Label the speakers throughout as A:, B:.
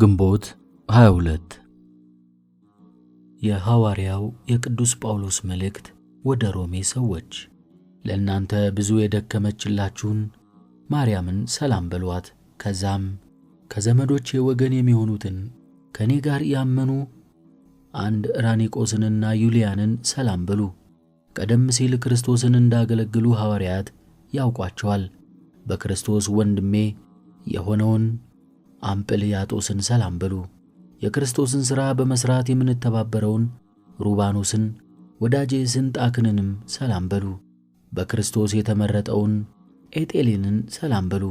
A: ግንቦት 22 የሐዋርያው የቅዱስ ጳውሎስ መልእክት ወደ ሮሜ ሰዎች። ለእናንተ ብዙ የደከመችላችሁን ማርያምን ሰላም በሏት። ከዛም ከዘመዶች ወገን የሚሆኑትን ከእኔ ጋር ያመኑ አንድ ራኒቆስንና ዩልያንን ሰላም በሉ። ቀደም ሲል ክርስቶስን እንዳገለግሉ ሐዋርያት ያውቋቸዋል። በክርስቶስ ወንድሜ የሆነውን አምጵልያጦስን ሰላም በሉ። የክርስቶስን ሥራ በመሥራት የምንተባበረውን ሩባኖስን ወዳጄ ስንጣክንንም ሰላም በሉ። በክርስቶስ የተመረጠውን ኤጤሌንን ሰላም በሉ።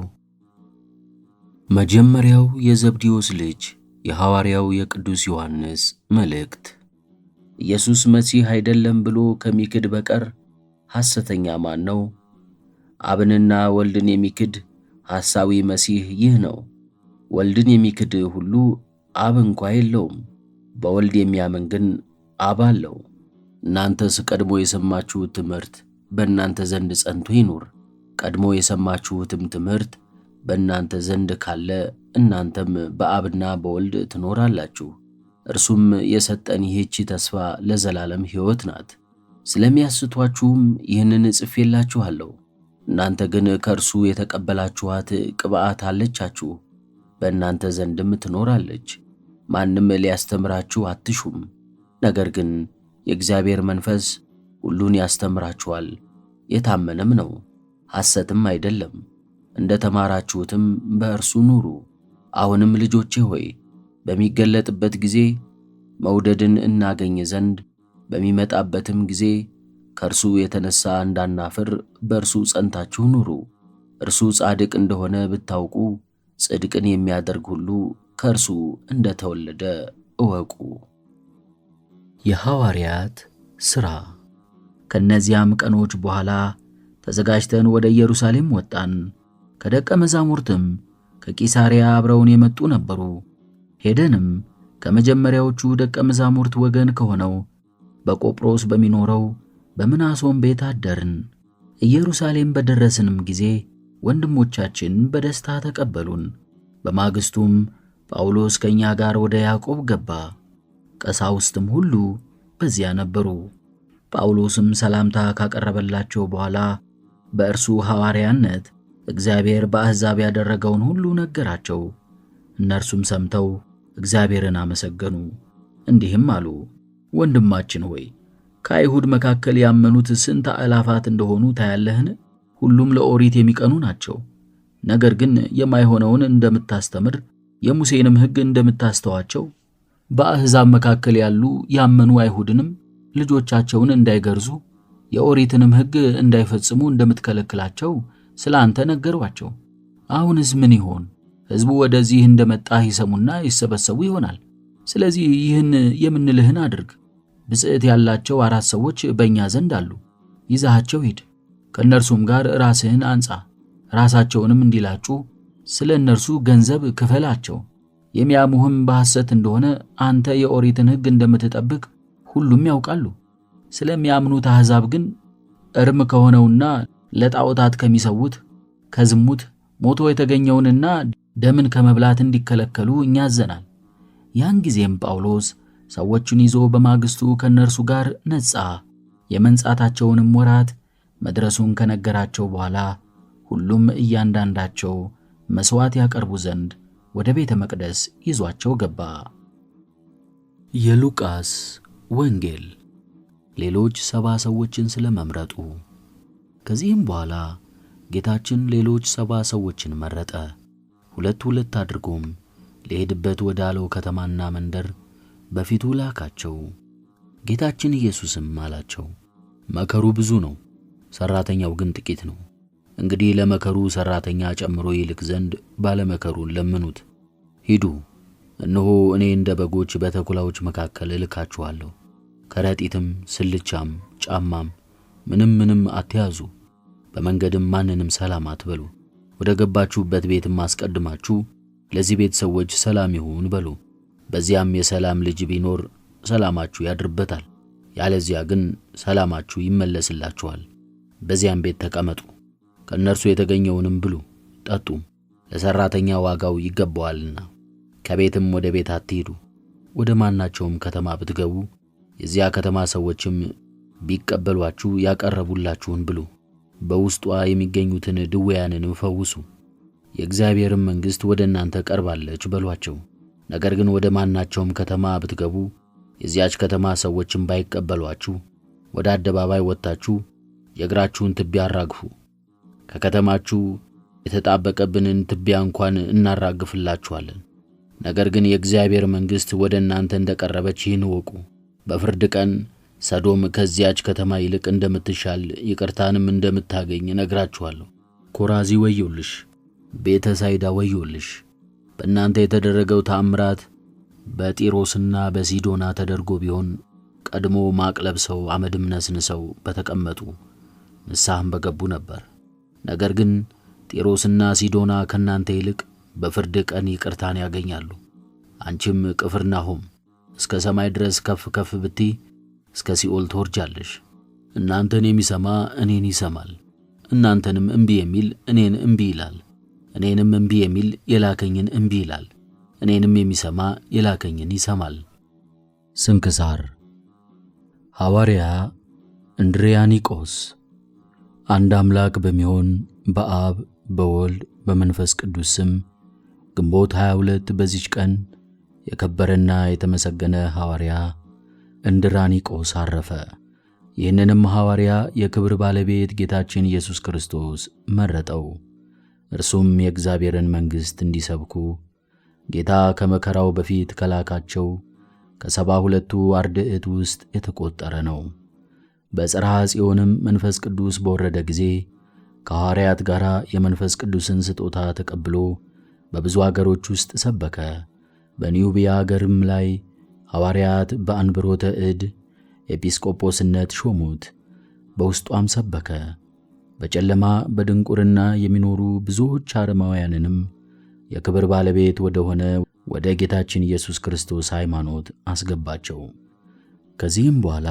A: መጀመሪያው የዘብዴዎስ ልጅ የሐዋርያው የቅዱስ ዮሐንስ መልእክት። ኢየሱስ መሲህ አይደለም ብሎ ከሚክድ በቀር ሐሰተኛ ማን ነው? አብንና ወልድን የሚክድ ሐሳዊ መሲህ ይህ ነው። ወልድን የሚክድ ሁሉ አብ እንኳ የለውም፣ በወልድ የሚያምን ግን አብ አለው። እናንተስ ቀድሞ የሰማችሁት ትምህርት በእናንተ ዘንድ ጸንቶ ይኑር። ቀድሞ የሰማችሁትም ትምህርት በእናንተ ዘንድ ካለ እናንተም በአብና በወልድ ትኖራላችሁ። እርሱም የሰጠን ይህቺ ተስፋ ለዘላለም ሕይወት ናት። ስለሚያስቷችሁም ይህንን ጽፌላችኋለሁ። እናንተ ግን ከእርሱ የተቀበላችኋት ቅብዓት አለቻችሁ በእናንተ ዘንድም ትኖራለች። ማንም ሊያስተምራችሁ አትሹም፣ ነገር ግን የእግዚአብሔር መንፈስ ሁሉን ያስተምራችኋል፣ የታመነም ነው፣ ሐሰትም አይደለም። እንደ ተማራችሁትም በእርሱ ኑሩ። አሁንም ልጆቼ ሆይ በሚገለጥበት ጊዜ መውደድን እናገኝ ዘንድ በሚመጣበትም ጊዜ ከእርሱ የተነሳ እንዳናፍር በእርሱ ጸንታችሁ ኑሩ። እርሱ ጻድቅ እንደሆነ ብታውቁ ጽድቅን የሚያደርግ ሁሉ ከእርሱ እንደተወለደ እወቁ። የሐዋርያት ሥራ። ከእነዚያም ቀኖች በኋላ ተዘጋጅተን ወደ ኢየሩሳሌም ወጣን። ከደቀ መዛሙርትም ከቂሳሪያ አብረውን የመጡ ነበሩ። ሄደንም ከመጀመሪያዎቹ ደቀ መዛሙርት ወገን ከሆነው በቆጵሮስ በሚኖረው በምናሶም ቤት አደርን። ኢየሩሳሌም በደረስንም ጊዜ ወንድሞቻችን በደስታ ተቀበሉን። በማግስቱም ጳውሎስ ከእኛ ጋር ወደ ያዕቆብ ገባ። ቀሳውስትም ሁሉ በዚያ ነበሩ። ጳውሎስም ሰላምታ ካቀረበላቸው በኋላ በእርሱ ሐዋርያነት እግዚአብሔር በአሕዛብ ያደረገውን ሁሉ ነገራቸው። እነርሱም ሰምተው እግዚአብሔርን አመሰገኑ፣ እንዲህም አሉ። ወንድማችን ሆይ ከአይሁድ መካከል ያመኑት ስንት አእላፋት እንደሆኑ ታያለህን? ሁሉም ለኦሪት የሚቀኑ ናቸው። ነገር ግን የማይሆነውን እንደምታስተምር የሙሴንም ሕግ እንደምታስተዋቸው በአሕዛብ መካከል ያሉ ያመኑ አይሁድንም ልጆቻቸውን እንዳይገርዙ የኦሪትንም ሕግ እንዳይፈጽሙ እንደምትከለክላቸው ስለ አንተ ነገሯቸው። አሁንስ ምን ይሆን? ሕዝቡ ወደዚህ እንደመጣህ ይሰሙና ይሰበሰቡ ይሆናል። ስለዚህ ይህን የምንልህን አድርግ። ብፅዕት ያላቸው አራት ሰዎች በእኛ ዘንድ አሉ። ይዛሃቸው ሂድ ከእነርሱም ጋር ራስህን አንጻ፣ ራሳቸውንም እንዲላጩ ስለ እነርሱ ገንዘብ ክፈላቸው። የሚያሙህም በሐሰት እንደሆነ አንተ የኦሪትን ሕግ እንደምትጠብቅ ሁሉም ያውቃሉ። ስለሚያምኑት አሕዛብ ግን እርም ከሆነውና ለጣዖታት ከሚሰውት ከዝሙት ሞቶ የተገኘውንና ደምን ከመብላት እንዲከለከሉ እኛ አዘናል። ያን ጊዜም ጳውሎስ ሰዎቹን ይዞ በማግስቱ ከእነርሱ ጋር ነጻ፣ የመንጻታቸውንም ወራት መድረሱን ከነገራቸው በኋላ ሁሉም እያንዳንዳቸው መሥዋዕት ያቀርቡ ዘንድ ወደ ቤተ መቅደስ ይዟቸው ገባ። የሉቃስ ወንጌል ሌሎች ሰባ ሰዎችን ስለመምረጡ። ከዚህም በኋላ ጌታችን ሌሎች ሰባ ሰዎችን መረጠ፣ ሁለት ሁለት አድርጎም ሊሄድበት ወዳለው ከተማና መንደር በፊቱ ላካቸው። ጌታችን ኢየሱስም አላቸው፣ መከሩ ብዙ ነው ሰራተኛው ግን ጥቂት ነው። እንግዲህ ለመከሩ ሰራተኛ ጨምሮ ይልክ ዘንድ ባለመከሩን ለምኑት። ሂዱ፣ እነሆ እኔ እንደ በጎች በተኩላዎች መካከል እልካችኋለሁ። ከረጢትም፣ ስልቻም፣ ጫማም ምንም ምንም አትያዙ። በመንገድም ማንንም ሰላም አትበሉ። ወደ ገባችሁበት ቤትም አስቀድማችሁ ለዚህ ቤት ሰዎች ሰላም ይሁን በሉ። በዚያም የሰላም ልጅ ቢኖር ሰላማችሁ ያድርበታል፣ ያለዚያ ግን ሰላማችሁ ይመለስላችኋል። በዚያም ቤት ተቀመጡ፣ ከእነርሱ የተገኘውንም ብሉ ጠጡም፣ ለሠራተኛ ዋጋው ይገባዋልና። ከቤትም ወደ ቤት አትሂዱ። ወደ ማናቸውም ከተማ ብትገቡ የዚያ ከተማ ሰዎችም ቢቀበሏችሁ ያቀረቡላችሁን ብሉ፣ በውስጧ የሚገኙትን ድውያንንም ፈውሱ፣ የእግዚአብሔርም መንግሥት ወደ እናንተ ቀርባለች በሏቸው። ነገር ግን ወደ ማናቸውም ከተማ ብትገቡ የዚያች ከተማ ሰዎችም ባይቀበሏችሁ ወደ አደባባይ ወጥታችሁ የእግራችሁን ትቢያ አራግፉ፣ ከከተማችሁ የተጣበቀብንን ትቢያ እንኳን እናራግፍላችኋለን። ነገር ግን የእግዚአብሔር መንግሥት ወደ እናንተ እንደ ቀረበች ይህን እወቁ። በፍርድ ቀን ሰዶም ከዚያች ከተማ ይልቅ እንደምትሻል ይቅርታንም እንደምታገኝ እነግራችኋለሁ። ኮራዚ ወዮልሽ፣ ቤተ ሳይዳ ወዮልሽ። በእናንተ የተደረገው ተአምራት በጢሮስና በሲዶና ተደርጎ ቢሆን ቀድሞ ማቅ ለብሰው አመድም ነስንሰው በተቀመጡ ንስሐም በገቡ ነበር። ነገር ግን ጢሮስና ሲዶና ከእናንተ ይልቅ በፍርድ ቀን ይቅርታን ያገኛሉ። አንቺም ቅፍርናሆም እስከ ሰማይ ድረስ ከፍ ከፍ ብቲ እስከ ሲኦል ትወርጃለሽ። እናንተን የሚሰማ እኔን ይሰማል፣ እናንተንም እምቢ የሚል እኔን እምቢ ይላል፣ እኔንም እምቢ የሚል የላከኝን እምቢ ይላል፣ እኔንም የሚሰማ የላከኝን ይሰማል። ስንክሳር ሐዋርያ እንድሪያኒቆስ አንድ አምላክ በሚሆን በአብ በወልድ በመንፈስ ቅዱስ ስም ግንቦት 22 በዚች ቀን የከበረና የተመሰገነ ሐዋርያ እንድራኒቆስ አረፈ። ይህንንም ሐዋርያ የክብር ባለቤት ጌታችን ኢየሱስ ክርስቶስ መረጠው። እርሱም የእግዚአብሔርን መንግሥት እንዲሰብኩ ጌታ ከመከራው በፊት ከላካቸው ከሰባ ሁለቱ አርድዕት ውስጥ የተቆጠረ ነው። በጽርሐ ጽዮንም መንፈስ ቅዱስ በወረደ ጊዜ ከሐዋርያት ጋር የመንፈስ ቅዱስን ስጦታ ተቀብሎ በብዙ አገሮች ውስጥ ሰበከ። በኒውቢያ አገርም ላይ ሐዋርያት በአንብሮተ እድ ኤጲስቆጶስነት ሾሙት። በውስጧም ሰበከ። በጨለማ በድንቁርና የሚኖሩ ብዙዎች አረማውያንንም የክብር ባለቤት ወደ ሆነ ወደ ጌታችን ኢየሱስ ክርስቶስ ሃይማኖት አስገባቸው። ከዚህም በኋላ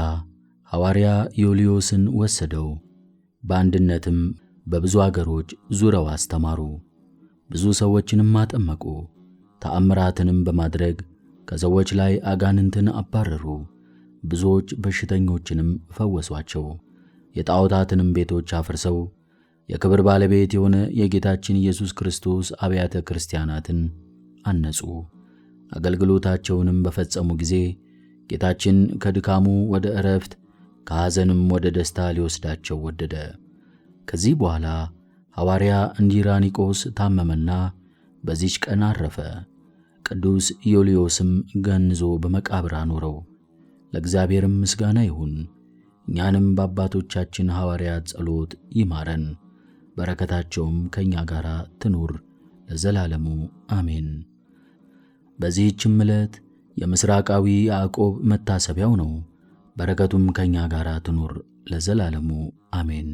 A: ሐዋርያ ዮልዮስን ወሰደው። በአንድነትም በብዙ አገሮች ዙረው አስተማሩ። ብዙ ሰዎችንም አጠመቁ። ተአምራትንም በማድረግ ከሰዎች ላይ አጋንንትን አባረሩ። ብዙዎች በሽተኞችንም ፈወሷቸው። የጣዖታትንም ቤቶች አፍርሰው የክብር ባለቤት የሆነ የጌታችን ኢየሱስ ክርስቶስ አብያተ ክርስቲያናትን አነጹ። አገልግሎታቸውንም በፈጸሙ ጊዜ ጌታችን ከድካሙ ወደ ዕረፍት ከሐዘንም ወደ ደስታ ሊወስዳቸው ወደደ። ከዚህ በኋላ ሐዋርያ እንዲራኒቆስ ታመመና በዚች ቀን አረፈ። ቅዱስ ዮልዮስም ገንዞ በመቃብር አኖረው። ለእግዚአብሔርም ምስጋና ይሁን። እኛንም በአባቶቻችን ሐዋርያት ጸሎት ይማረን፣ በረከታቸውም ከእኛ ጋር ትኑር ለዘላለሙ አሜን። በዚህችም ዕለት የምሥራቃዊ ያዕቆብ መታሰቢያው ነው። በረከቱም ከእኛ ጋር ትኑር ለዘላለሙ አሜን።